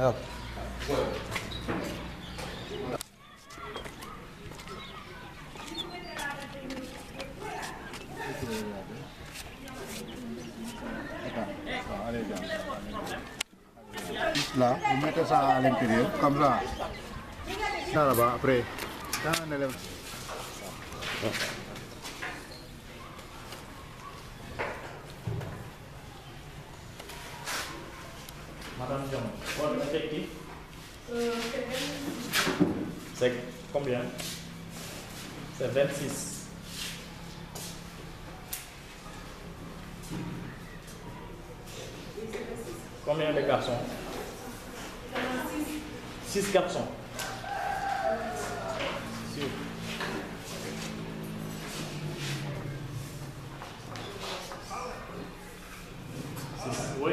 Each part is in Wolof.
Yok. Là, vous mettez ça à l'intérieur, comme Madame Dion, votre effectif euh, C'est combien C'est 26. Combien de garçons 6 garçons. Oui.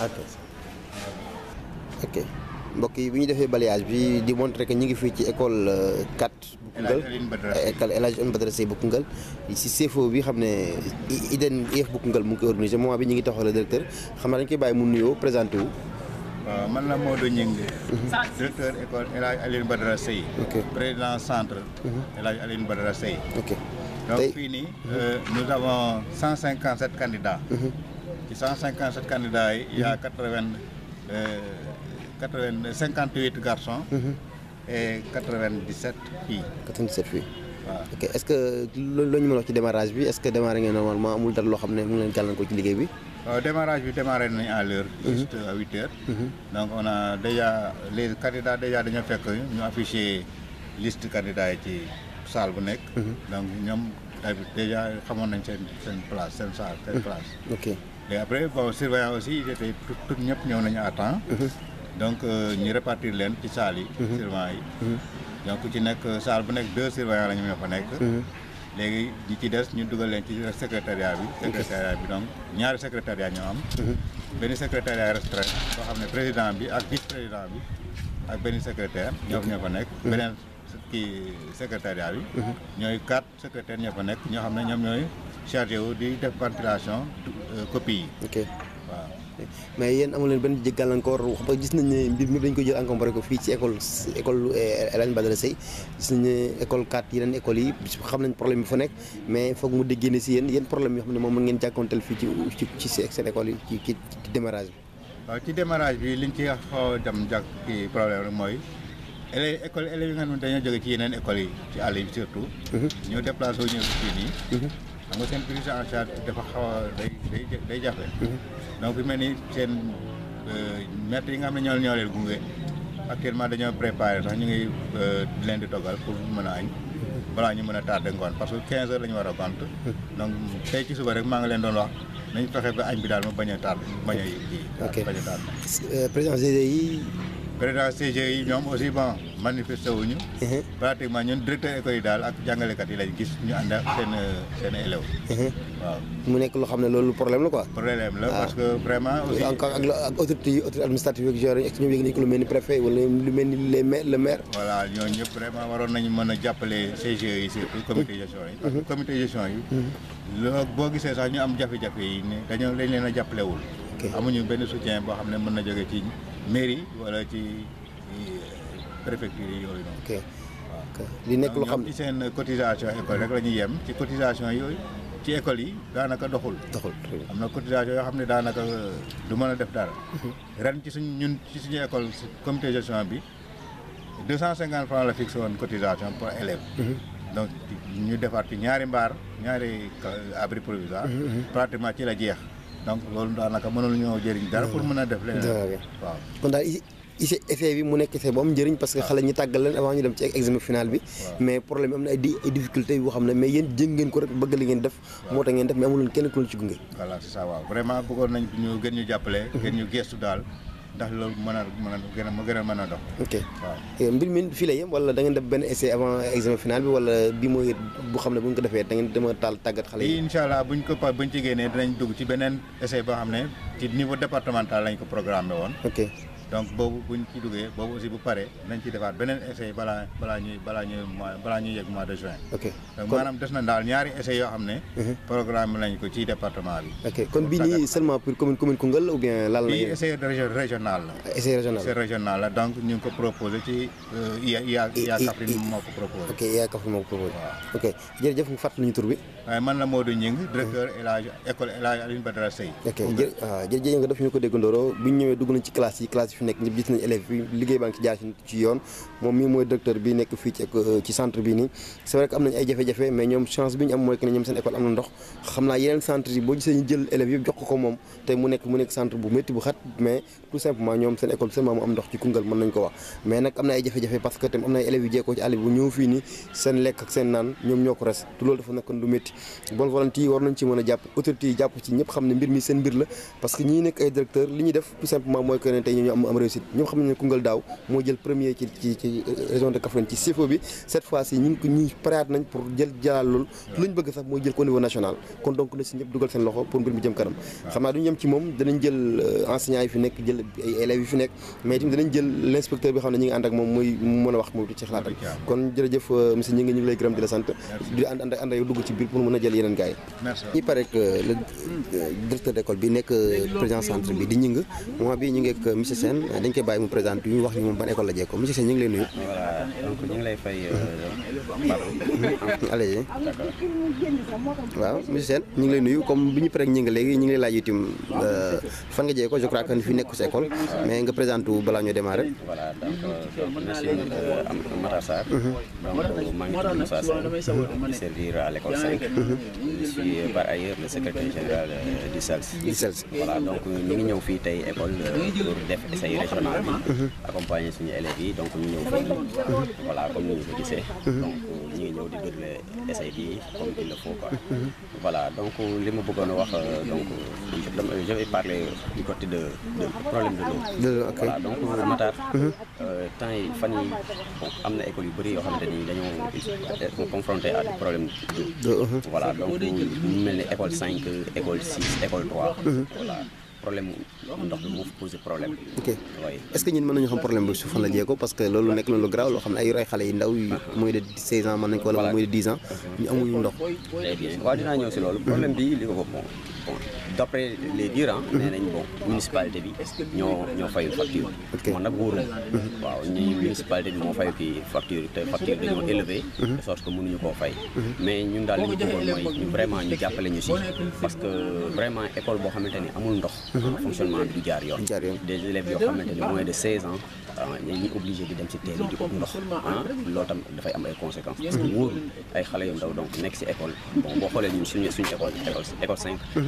ok ok mbokk yi bi ñu balayage bi di montrer que ñu ngi fii ci école 4 euh, bu Koungheul école El Hadj Alioune Badara Seye bu CFO bi xam IDEN IEF bu Koungheul mu ngi koy organisé moment bi ñu ngi taxawal directeur xam naa dañ koy bàyyi mu nuyoo présenté wu waaw man la Modou Gningue mhm. directeur école El Hadj Alioune Badara OK. président centre mhm. El Hadj Alioune Badara ok donc fii mhm. euh, nous avons 157 candidats ci candidats yi il y a 58 mhm. euh, garçons. Mhm. et 97 filles. 97 filles. est ce que loolu la ñu mën a wax ci est ce que démarré ngeen normalement amul dara loo xam ne mu ngi leen gàllankoor ci liggéey bi. waaw euh, démarrage bi démarré nañ à l'heure mhm. juste à 8 heures. donc on a déjà les candidats déjà dañoo fekk ñu affiché liste candidats yi ci salle bu nekk. donc ñoom déjà xamoon nañ seen seen place seen salle seen place. ok. et après bon surveillant aussi ils étaient tout ñëpp ñëw nañu à temps. Mhm. donc euh, ñu répartir leen ci saal yi. Mhm. surveillant yi. Mhm. donc ci nekk euh, saal bu nekk deux surveillants lañu ñoo fa nekk. léegi ñi ci des ñu dugal leen ci secrétariat bi. secrétariat bi donc ñaari secrétariat ñoo am. benn secrétariat restreint soo xam ne président bi ak vice président bi ak benn secrétaire ñoo ñoo fa nekk. beneen kii secrétariat bi. ñooy quatre secrétaires ñoo fa nekk ñoo xam ne ñoom ñooy. chargé wu di def ventilation euh, copie yi. ok waaw. mais yéen amu benn jëggalankoor wax ba gis nañ ne mbir mi dañ ko jël encombré ko fii ci école école euh, El Hadj Badara Seye gis nañ ne yi xam nañ problème bi fa nekk mais foog mu déggee si yéen yéen problème yoo xam ne moom mën ngeen jàkkoonteel fii ci ci seen école yi ci ci démarrage bi. waaw ci démarrage bi liñ ci xaw a dem jàkk ci problème rek mooy élèves école élèves yi nga xam ne dañoo jóge ci yeneen écoles yi ci àll yi surtout. Mhm. ñoo déplacé wu ñëw fii nii. Mhm. xam nga seen prise en charge dafa xaw a day day jafe. Mhm. donc fi mel ni seen euh, maîtres yi nga xam ne ñoo ñoo leen gunge actuellement dañoo préparé sax ñu ngi euh, leen di toggal pour mën a añ. Mhm. balaa ñu mën a tardé ngoon parce que 15 heures la ñu war a bant mhm. donc tey ci suba rek maa ngi leen doon wax nañ fexe ba añ bi daal mu bañ a tardé bañ a yii. bañ a tardé. Euh, président GDI. président CGE yi ñoom aussi bon manifesté wuñu mhm. pratiquement ñun directeur école yi daal ak jàngalekat yi lañ gis ñu ànd ak seen seen mhm. mu nekk loo xam ne loolu problème la quoi problème la ah. parce que vraiment aussi encore ak autorité yi autorité administrative ak géré est ñoom yëg lu mel ni préfet wala lu mel ni les maires le maire voilà ñooñu ñëpp vraiment waroon nañu mën a jàppale CGE yi surtout comité gestion yi mhm. gestion yi loo boo gisee sax ñu am jafe-jafe yi ne dañoo dañ leen a jàppalewul amuñu benn soutien boo xam ne mën na jóge ci mairie wala ci euh, préfecture yi yooyu noonu. ok nekk lu xam ne cotisation école rek la ñuy yem ci cotisation yooyu ci école yi daanaka doxul. doxul am na cotisation yoo xam ne daanaka euh, du mën a def dara. Mhm. ren ci suñ ñun ci suñu école comité gestion bi deux cent cinquante francs la fixé woon cotisation pour élève. Mhm. donc ñu defaat ci ñaari mbaar ñaari abri provisoire. Mhm, pratiquement ci la jeex. donc loolu daanaka mënul ñoo jëriñ dara pour mën a def leneen waaw kon daal ci effet bi mu nekk effet bu am njëriñ que xale ñi tàggal leen avant ñu dem ci examen final bi mais problème yi am na ay difficulté yoo xam ne mais yéen jëng ngeen ko rek bëgg li ngeen def moo tax ngeen def mais amuloon kenn ku leen ci gunge voilà c'est ça waaw vraiment bëggoon nañ ñu gën ñu jàppale gën ñu gestu daal ndax loolu man a mën a gën ma gën a mën a dox. ok waaw eh, mbir mi fii la yem wala da ngeen def benn essai avant examen final bi wala bi mooy bu xam ne bu ñu ko defee da ngeen dama taal tàggat xale yi. incha allah buñ ko pa buñ ci génnee dinañ dugg ci beneen essai boo xam ne ci niveau départemental lañ ko programme woon. ok donc boobu buñ ci duggee boobu aussi bu paree nañ ci defaat beneen essai balaa ñuy balaa ñuy balaa ok donc des na daal ñaari essai yoo xam ne. Mhm. programme nañ ko ci département bi. ok kon bii moo ko proposé. ok IA Kaffrine moo ko proposé. ñu tur waaye man la Modou Gningue directeur mhm. El école El Hadj Alioune Badara Seye. ok ah, jërëjëf nga def ñu ko déggandoo bu ñu ñëwee dugg nañ ci classe yi classe fi nekk ñëpp gis nañ élèves bi liggéey baa ci jaar ci yoon moom mii mooy directeur bi nekk fii euh, ci centre bi nii c'est vrai bi nekk ak seen naan ñoom ñoo ko res te loolu dafa nekkoon lu métti bonne volonté yi war nañ ci mën a jàpp autorité jàpp ci ñëpp xam ne mbir mi seen mbir la parce que ñii nekk ay directeur li ñuy def tout simplement mooy que ne tey ñoo am am réussite ñëpp xam ne Koungheul daaw moo jël premier ci ci ci euh, région de ci CFO bi cette fois ci ñu ngi ñuy nañ pour jël jalaal loolu lu bëgg sax mooy jël ko niveau national kon donc si ñëpp dugal seen euh, xam ne ñi ngi ànd ak moom mooy mën a wax moom ci xalaatam kon jërëjëf euh, monsieur ñi ngi ñu ngi lay gërëm di la sant di ànd ànd ànd ak dugg ci biir pour mën a jël yeneen gars yi il que directeur d'école bi nekk président centre bi dañ koy bàyyi mu présente ñu wax ñu moom ban école la jekko monsieur Sène ñu ngi lay nuyu. ngi lay fay euh, allez waaw monsieur Sène ñu ngi lay nuyu comme bi ñu paree ñu ngi léegi ñu ngi laaj laaj itam euh, fan nga jekko je crois que fi nekk sa école mais nga présente wu balaa ñoo démarrer. voilà donc euh, monsieur Matar Sarr. Mhm. donc maa je suis par ailleurs le secrétaire général euh, du CELS. du CELS voilà donc euh, ñu ngi ñëw fii école euh, pour def essai régional bi. accompagner suñu élèves yi donc ñu ñëw fii. voilà comme ni ñu ko gisee. donc ñu ngi ñëw di déroulé essai bi comme il le faut quoi. voilà donc li ma bëggoon a wax donc je vais parler du côté de de problème de l'eau. ok voilà donc Matar. temps yi fan yi bon am école yu bëri yoo xamante dañoo confronté à des problèmes de. voilà donc. seen ñu mel ne école 5 école 6 école 3. Mhm. problème mu ndox mi moo fi problème. ok oui est mën nañu xam problème bi su la jee ko parce que loolu nekk na lu loo xam ne ay roy xale yi ndaw yi ah. mooy de 16 ans mën nañu ko wala mooy de 10 ans. Mhm. ñu amuñu ndox. très bien ñëw si loolu. problème bi li ko bopp moom. bon d' après les bon municipalité bi ñoo ñoo fayu facture. ok man nag wóorul. Mhm. waaw ñi municipalité bi moo fayu facture te facture dañoo élevé. Mhm. de sorte que mënuñu koo fay. Mhm. mais ñun daal li ñu bëggoon mooy ñu ñu jàppale ñu si. parce que vraiment école boo xamante ni amul ndox. fonctionnement bi du jaar yoon. des élèves yoo xamante ni moins de 16 ans. waaw ah, ñi di dem si teel di ko ndox ah tam dafay am ay conséquences. parce ay xale yu ndaw donc nekk si école bon boo xoolee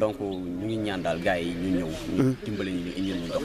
donc ñu ngi ñaan daal gars yi ñu ñëw. ñu dimbale ñu indil ñu ndox.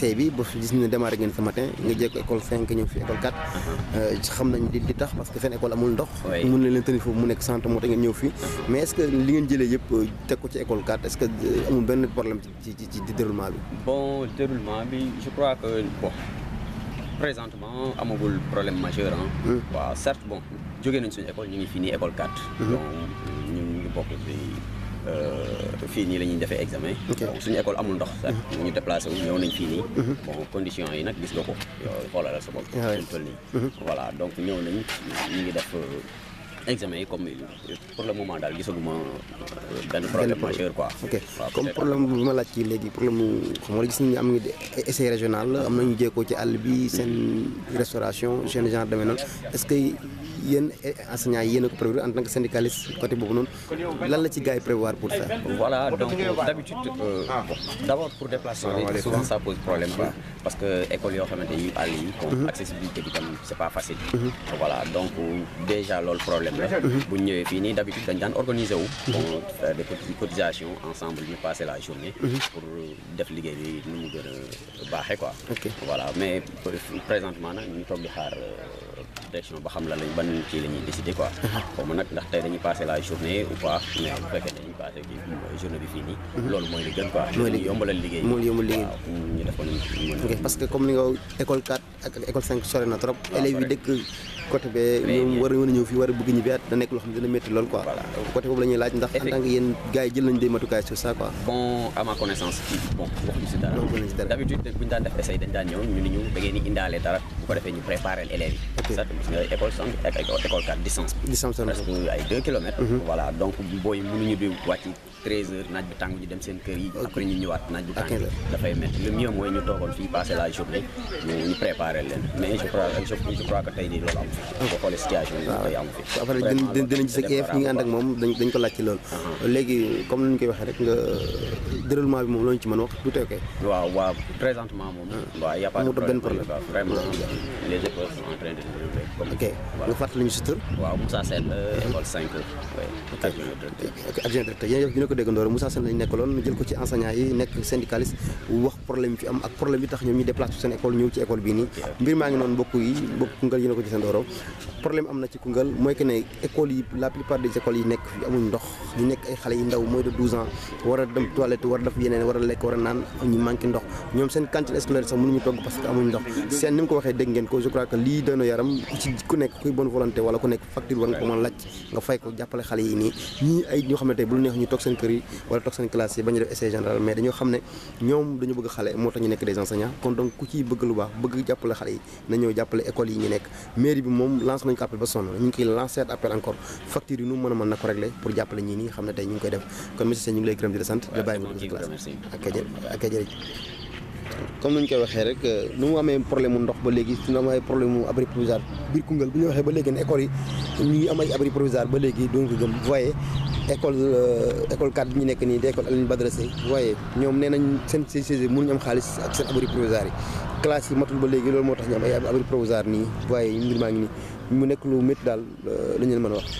essai bi bu gis ñu ne démarré ngeen ce matin nga jékko école 5 ñëw fi école 4 euh, xam nañ di tax parce que seen école amul ndox mën na leen tenir foofu mu nekk centre moo tax ngeen ñëw fi mais est ce que li ngeen jëlé yépp euh, teg ko ci école 4 est ce que euh, amul benn problème ci ci ci déroulement bi bon déroulement bi je crois que bon présentement amagul problème majeur hein hmm. waaw certes bon jógee nañ suñu école ñu ngi fini école 4 hmm. donc ñu ngi bokk bi Euh, fii nii la ñuy defee examen. donc suñu école amul ndox. sax mhm. ñu déplacé wu ñëw nañ fii nii. Mhm. bon condition yi nag gis nga ko. Mhm. yow xoolalal sa bopp. suñu toll nii. voilà donc ñëw nañ ñu ngi def. Euh, examen comme pour le moment daal gisaguma euh, benn problème majeur quoi. ok comme problème bi ma laaj ci léegi problème mu xam nga gis am nañu essai régional am nañu jéego ci àll bi seen restauration seen genre demee noonu est-ce que yéen enseignants yi yéen a ko prévoir en tant que syndicaliste côté boobu noonu lan la ci gars prévoir pour ça. voilà donc d'habitude euh, d'abord pour déplacer, bi souvent ça pose problème parce que école yoo xamante ni àll yi. Mhm. accessibilité bi tam c'est pas facile. Mhm. voilà donc déjà le problème la bu ñu ñëwee d'habitude dañ daan organiser wu bon faire des petites cotisations ensemble ñu passer la journée mhm. pour euh, def liggéey bi nu mu gën a quoi voilà mais présentement nag ñu toog di xaar euh, direction ba xam la lañ ban kii la ñuy décider quoi mhm. xaw ma nag ndax tey dañuy passer la journée ou pas mais bu fekkee dañuy passé kii journée bi fii nii mhm. loolu mooy li gën quoi mooy li yombalal liggéey mooy yombal liggéey ñu def parce que comme li nga école 4 ak école 5 sore na trop élèves yi dëkk côté bé ñoom war a ñëw fi war a bëgg ñibbi at da nek lo xam dina metti lool quoi côté boobu lañuy laaj ndax en tant que yéen gars jël nañ des matukaay sur ça quoi bon à ma connaissance kii bon wax si dara waxuñu si dara d'habitude buñu daan def essai dañ daan ñëw ñu ni ñu da ngeen di indaale dara bu ko défé ñu préparer élèves ça gis nga école centre ak école 4 distance distance presque ay 2 km mhm. voilà donc bu boy mënu ñu di wàcc 13 h naaj bi tang ñu dem seen kër yi après ñu ñëwaat naaj bi da fay metti le mieux mooy ñu togon fi passer la journée ñu préparer leen mais je crois je crois que tay di loolu nga xool situation yi koy am fi après dinañ gis ak EF ñu ngi ànd ak moom dañ ko laajte loolu léegi comme ni ñu koy waxee rek nga déroulement bi moom loo ñu ci mën wax du ah. a pas ah. ok nga fàttali ñu si tur waaw Moussa Sène euh, ah. école 5 adjoint directeur ne ko déggandoo Moussa Sène lañ nekkaloon jël ko ci enseignant yi nekk syndicaliste problème fi am ak problème bi tax ñoom ñu déplacer seen école ñëw ci école bi nii mbir maa ngi noonu mbokk yi mbokk Koungheul yi na ci seen dooro problème am na ci Koungheul mooy que ne école yi la plupart des écoles yi nekk fi amuñ ndox ñu nekk ay xale yi ndaw mooy de 12 ans war a dem toilette war a def yeneen war a lekk war ñu ndox cantine scolaire sax togg parce que amuñ ndox ko waxee dégg ngeen ko je crois que lii doy na yaram ci ku nekk kuy bonne volonté wala ku nekk facture war ko mën laaj nga fay ko jàppale xale yi nii ñii ay ñoo xam ne bu lu neex ñu toog seen kër yi wala classe yi bañu def essai général mais ne dañu bëgg xalé motax ñu nek des enseignants kon donc ku ci bëgg lu baax bëgg jappalé xalé na ñëw jappalé école yi ñu nek mairie bi mom lance nañ ko appel ba sonn ñu ngi lancer appel encore facture yi nu mëna mën nako régler pour jappalé ñi ni xamna tay ñu ngi koy def kon monsieur ñu lay gërëm di la sante da bayyi mu ak ak comme ni ñu koy waxee rek euh, nu mu amee problème mu ndox ba léegi suñu am ay problème mu abri provisoire biir Koungheul bu ñu waxee ba léegi ne école yi ñu ngi am ay abri provisoire ba léegi doon ko gëm voyez école euh, école cadre bi ñu nekk nii di école Alioune Badara Seye ñoom nee nañ seen CCG mënuñu am xaalis ak seen abri provisoire yi classe yi matul ba léegi loolu moo tax ñu am ay abri provisoire nii voyez mbir maa ngi nii mu nekk lu métti daal euh, la ñu leen mën a wax